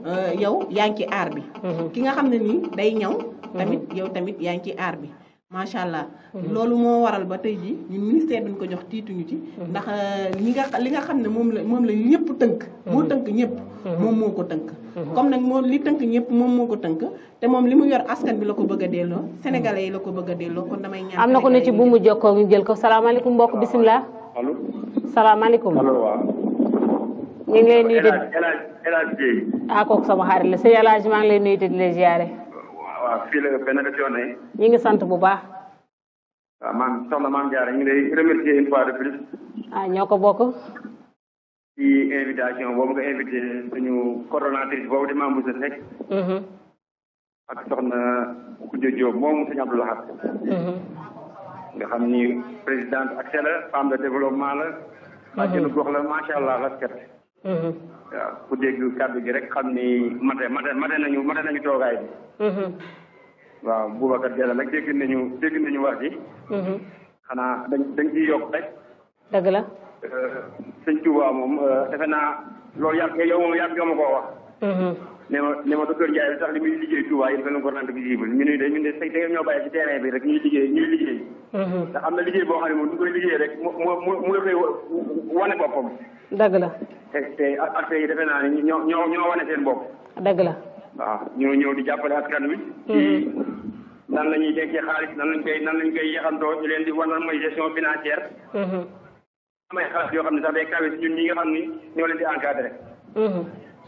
euh, yow yaa ngi ci aar bi ki nga xam ne nii day ñaw tamit yow tamit yaa ngi ci aar bi macha allah mhm. loolu moo waral ba tey ji ñun ministère duñ ko jox tiituñu ci mhm. ndax euh, li nga li xam ne moom la moom la ñëpp tënk mhm. moo tënk ñëpp moom moo ko tënk comme nag moom li tënk ñëpp moom moo ko tënk te moom li mu yor askan bi la ko bëgg a delloo sénégal yi la ko bëgg a delloo kon damay ñaan am na ko ne ci bu mu jokkoo ñu jël ko salaamaaleykum mbokk bisimilah allo salaamaaleykum allo waaw ngi lay nuyu de ah kooku sama xarit la sëñ El maa ngi lay nuyu de di la ziare waaw fii la benn yoon ñu ngi sant bu baax. waaw maam soxna maam Diarra ñu ngi lay remercier fois de plus. ah ñoo ko bokk. ci invitation boobu nga invité suñu coordonnatrice boobu di Mame Bousso Seck. Mm-hmm. ak soxna Koudia Diop moomu suñu Abdou Lahad. Mm-hmm. nga xam ni présidente accès la femme de développement la. waa mm-hmm. allah gox la macha Mm-hmm. waaw ku dégg kàddu gi rek xam ni mate mate mate nañu mate nañu toogaay bi. Mm-hmm. waaw Boubacar Diallo nag dégg nañu dégg nañu wax ji. Mm-hmm. xanaa dañ dañ ciy yokk rek. dëgg la. Euh, sëñ Touba moom euh, defe naa loolu yàgg yow moom yàgg nga koo wax. ne ma ne ma docteur Ndiaye sax li muy liggéey Touba yéen feneen kornante visible ñu ne de ñun de say da ngeen ñoo bàyyi ci terrain bi rek ñuy liggéey ñuy liggéey mhm. ndax am na liggéey boo xam ne moom du koy liggéey rek mu mu mu la koy wane boppam dëgg la te te acte yi defe naa ne ñoo ñoo ñoo wane seen bopp dëgg la waaw ñoo ñëw di jàppale askan wi ci mhm. nan la ñuy dencee xaalis nan lañ koy nan lañ koy yaxantoo ñu leen di wan lan mooy gestion financière mhm. amay xaalis yoo xam ne sax day kawe si ñun ñi nga xam ni ñoo leen di encadré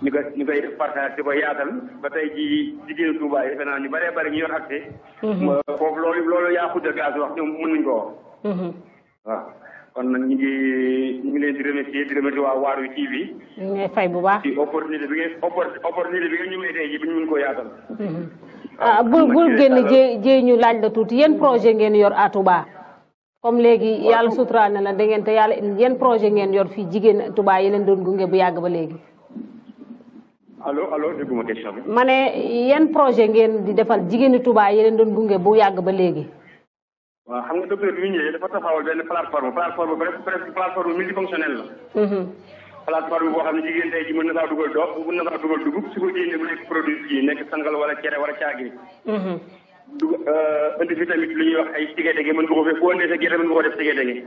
ñu koy ñu koy def partage di ko yaatal ba tey ji jigéenu Touba yi defe naa ñu bëree bëri ñu yor accès. Mhm. foofu loolu loolu yaa xuddal mhm. bu baax ci opportunité bi ngeen opportunité bi ngeen ñu may tey ji ñu mën koo yaatal. Mhm. ah bu bu génn jé jé ñu laaj la tuuti yan projet ngeen yor à Touba. comme léegi yàlla suturaal la da ngeen te yàlla yan projet ngeen yor fii jigéen Touba yi leen doon gunge bu yàgg ba léegi. allo allo dégguma question bi. ma ne yan projet ngeen di defal jigéeni Touba yi leen doon gunge bu yàgg ba léegi. waaw xam nga docteur bi ñu ñëwee dafa taxawal benn plateforme bi presque plateforme multifonctionnelle la. Mhm. plateforme boo xam ne jigéen tey ji mën na saa dugal dox mën na saa dugal dugub su ko jëndee mu nekk produit yi nekk sangal wala cere wala caagri. Mhm. dugub euh, indi fi tamit lu ñuy wax ay tigé-dégé mën nga ko fee boo sa gerte mën nga def tigé-dégé.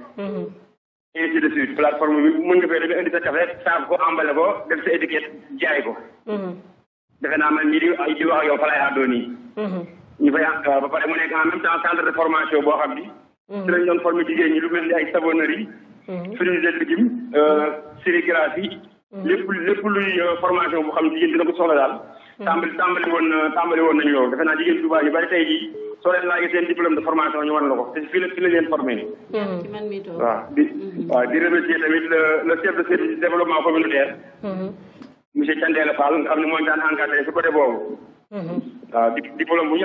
ainsi de suite plateforme bi mën nga fay demee indi sa café saaf ko emballé ko def sa étiquette jaay ko. Mm-hmm. defe naa man mii di ay di wax ak yow fa laay àddoo nii. Mm-hmm. ñu fay ba pare mu nekk en même temps centre de formation boo xam ni. Mm-hmm. ci lañ doon formé jigéen ñi lu mel ni ay savonnerie. fruits et légumes. Euh, sérigraphie. lépp lépp luy euh, formation bu xam jigéen dina ko soxla daal. tàmbali tàmbali woon euh, tàmbali woon nañu loolu defe naa jigéen Touba ñu bari tey jii. soo leen laajee seen diplôme de formation ñu wan la ko te fii la fii la leen formé nii. Hmm. waaw di hmm. waaw di remercier tamit le le chef de service développement communautaire. Hmm. monsieur Thiendella Fall nga xam ne mooy daan encadré si côté boobu. waaw di diplôme a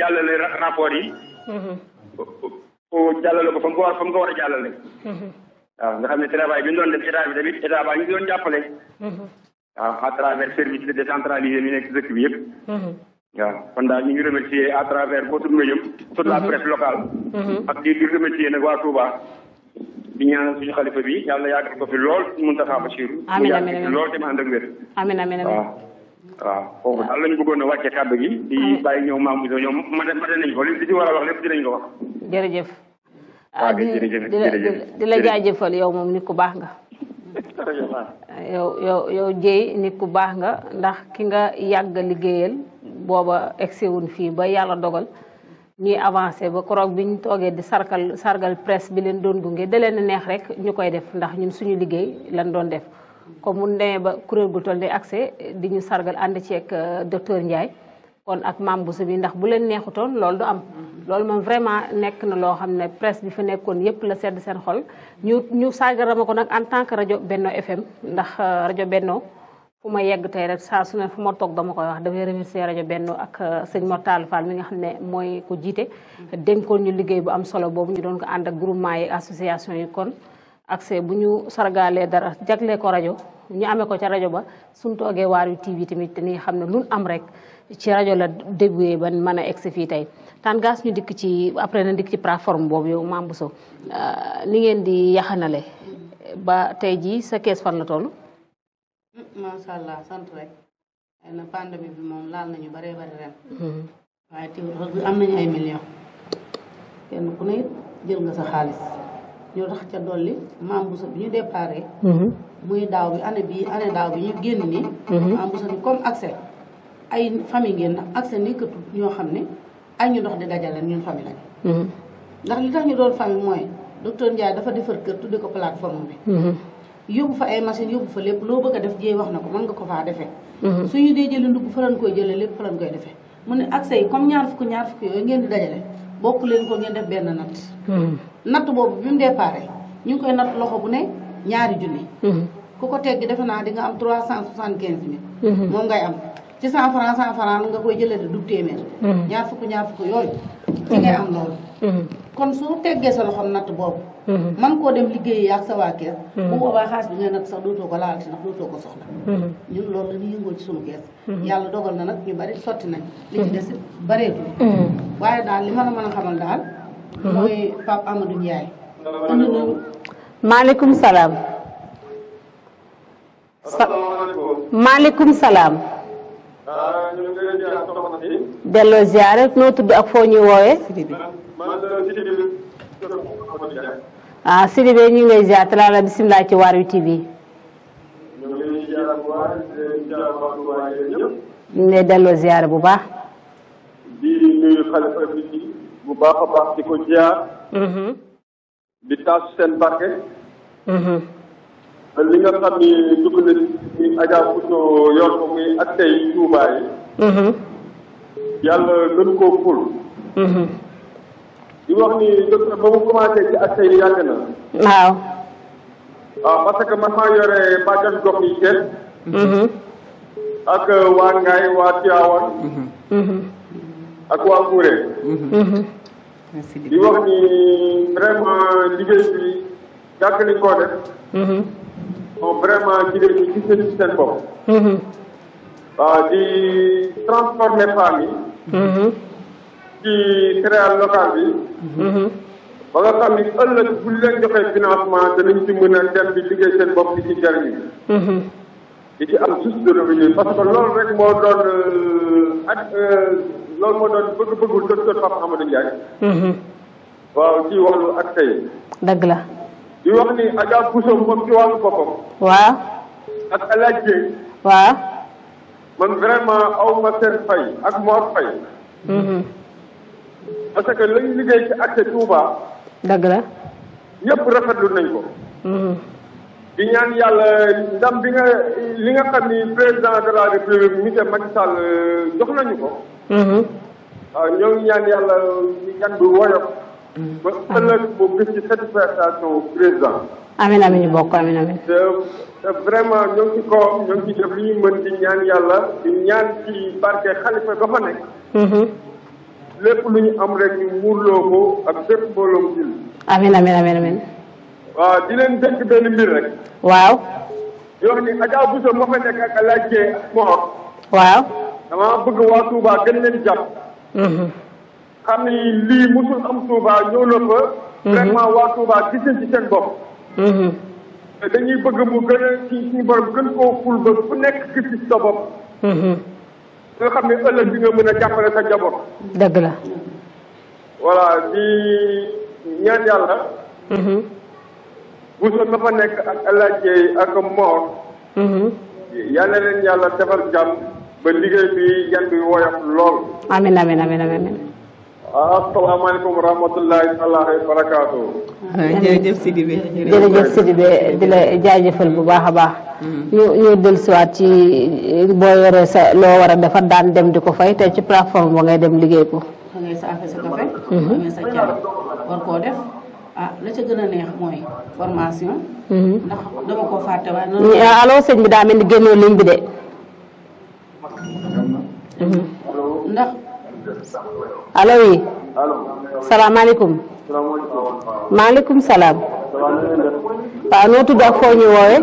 jàllale. nga xam ne travail bi ñu doon def état bi tamit état baa ñu doon jàppale. waaw à travers service décentralisé yi nekk dëkk bi yëpp. waaw kon daal ñu ngi remercier à travers votre médium toute la mhm. presse locale. Mhm. ak di di remercier nag waa Touba. di ñaanal suñu xalifa bi yàlla yàggal ko fi lool Mountakha Bachir. amiin amiin mu yàgg lool te mu ànd ak wér. amiin amiin waaw. waaw foofu daal lañu bëggoon a wàcce kàddu gi. di bàyyi ñoom maam Moussa ñoom mate mate nañ ko li ci war a wax lépp dinañ ko wax. jërëjëf. ah di di la jaajëfal yow moom nit ku baax nga. (laughs) yow yow yow Dieye nit ku baax nga ndax ki nga yàgg liggéeyal booba egsi wuñ fii ba yàlla dogal ñuy avancé ba koroog bi ñu toogee di sarkal sargal presse bi leen doon gunge da leen neex rek ñu koy def ndax ñun suñu liggéey lan doon def comme mun demee ba kuréel gu toll ni accès di ñu sargal ànd ci ak euh, docteur Ndiaye kon ak maam Bousso bi ndax bu leen neexutoon loolu du am loolu moom vraiment nekk na loo xam ne presse bi fi nekkoon yépp la sedd seen xol ñu ñu sargal ma ko nag en tant que rajo Benno FM ndax euh, rajo Benno fu ma yegg tey rek saa su ne fu ma toog dama koy wax dafay remercier rajo benn ak euh, sëñ Mortal Fall mi nga xam ne mooy ko jiite dénkoon ñu liggéey bu am solo boobu ñu doon ko ànd ak groupement yi association yi kon accès bu ñu sargaalee dara jaglee ko rajo ñu amee ko ca rajo ba suñ toogee Waarwi TV tamit te ni xam ne luñ am rek ci rajo la déggee ba mën a egsi fii tey tan gas ñu dikk ci après na dikk ci plateforme boobu yow Mame Bousso euh, ni ngeen di yaxanale ba tey jii sa kees fan la macha allah sant rek xëy bi moom laal nañu baree bari ren. Mhm. waaye teewul am nañu ay millions. kenn ku ne jël nga sa xaalis ñu tax ca dolli maam Boussa bi ñu déparé. Mhm. muy daaw bi année bii année daaw bi ñu génn nii. Mhm. maam Boussa ni comme accès ay famille ngeen ndax accès nekkatul ñoo xam ne ay ñu ndox di dajale ñun famille lañu. ndax li tax ñu doon famille mooy docteur Ndiaye dafa defar kër tudde ko plateforme bi. yóbbu fa ay machine yóbbu fa lépp loo bëgg a def jéey wax na ko mën nga ko faa defee mhm. suñu dee jëlee ndugg fa lañ koy jëlee lépp fa lañ koy defee mu ne accès yi comme ñaar fukk ñaar fukk yooyu ngeen di dajale bokk leen ko ngeen def benn natt mhm. natt boobu bi mu déparé ñu ngi koy natt loxo bu ne ñaari junni mhm. ku ko teggi defe naa di nga am trois cent soixante quinze mille moom ngay am ci cent franc cent franc nga koy jëlee du téeméer. Mm-hmm. ñaar fukk ñaar yooyu. ci ngay am loolu. Mm-hmm. kon soo teggee sa loxo natt boobu. Mm-hmm. man koo dem liggéey ak sa waa kër. bu boobaa xaalis bi ngay natt sax dootoo ko laal si ndax dootoo ko soxla. ñun loolu la ñuy yëngoo ci sunu kees. yàlla dogal na nag ñu bari sotti nañ. li ci des it bareetul. waaye daal li ma la mën a xamal daal. mooy Pape Amadou Ndiaye. maaleykum salaam. maaleykum salaam. ah ñu ngi lay ziar soxna si. delloo ziar rek noo tudd ak ah Sidibé ñu ngi lay ziar talaala bisimilah ci Waarwi TV. ñu ngi lay ziar bu baax di ziar mhm. li nga xam ni dugg na ci Adja Bousso yor ko muy ak tey mhm. koo ful mhm. di wax ni ba mu commencé ci ak tey na waaw waaw ah, parce man maa yore bàjjan gox yi kenn mhm. ak waa Ngaay waa Tiwaawan ak waa Kuure di wax ni vraiment liggéey bi yàgg def moom vraiment ci léegi gis seen bopp. waaw di transformer femmes mm-hmm. yi. ci céréale locale bi. Mm-hmm. ba nga xam ni ëllëg bu leen joxee financement danañ ci mën a dem di liggéey seen bopp di ci jariñu. Mm-hmm. di ci am source de revenu parce que loolu rek moo doon euh, ak euh, loolu moo doon bëgg-bëggul docteur Pape Amadou Ndiaye. waaw ci wàllu ak tey. dëgg la. di wax ni Adja Bousso moom ci wàllu boppam. waaw. ak Alaaji Dieng. waaw. man vraiment aw ma seen fay ak Mor Faye. Mm-hmm. parce que lañ liggéey ci acte Touba. dëgg la. ñëpp rafetlu nañ ko. Mm-hmm. di ñaan yàlla ndam bi nga li nga xam ni président de la république monsieur Macky Sall euh, jox nañu ko. Mm-hmm. waaw ñoo ngi ñaan yàlla ñu ñaan woyof. ba ah. ëllëg boo gis ci satisfaction président. amiin amiin ñu bokk amiin amiin. te te vraiment ñoo ngi ci kaw ñoo ngi ci def ñu mën di ñaan yàlla di ñaan ci barke xalifa ba fa nekk. Mhm. lépp lu ñu am rek ñu muurloo ko ak bépp mbooloom jil. amiin amiin amiin amiin. waaw di leen dëkk benn mbir rek. waaw. yoo xam ne Adja nekk ak El Hadj Mor. waaw. damaa bëgg waa Touba gën leen jàpp. Mhm. xam ni lii musul am Touba ñëw na fa. Mhm. vraiment waa Touba gis nañ ci seen bopp. Mhm. dañuy bëgg mu gën a ci suñu borom gën koo ful ba ku nekk gis ci sa bopp. Mhm. nga xam ne ëllëg bi nga mën a jàppale sa njaboot. dëgg la. voilà di ñaan yàlla. Bousso na fa nekk ak El Hadj ak Mor. yàlla leen yàlla defal jàmm ba liggéey bi yan bi woyof lool. amiin amiin amiin asalaamaaleykum jaajëfal bu baax a baax. Mm. ñu ñu ci boo daan dem di ko fay ci plateforme ba ngay liggéey ko. da mhm. ngay sa ah, mhm. ah, bi daa mel génnoo ligne bi de. allo oui salaamaaleykum maaleykum salaam waaw noo tudd ak foo ñu woowe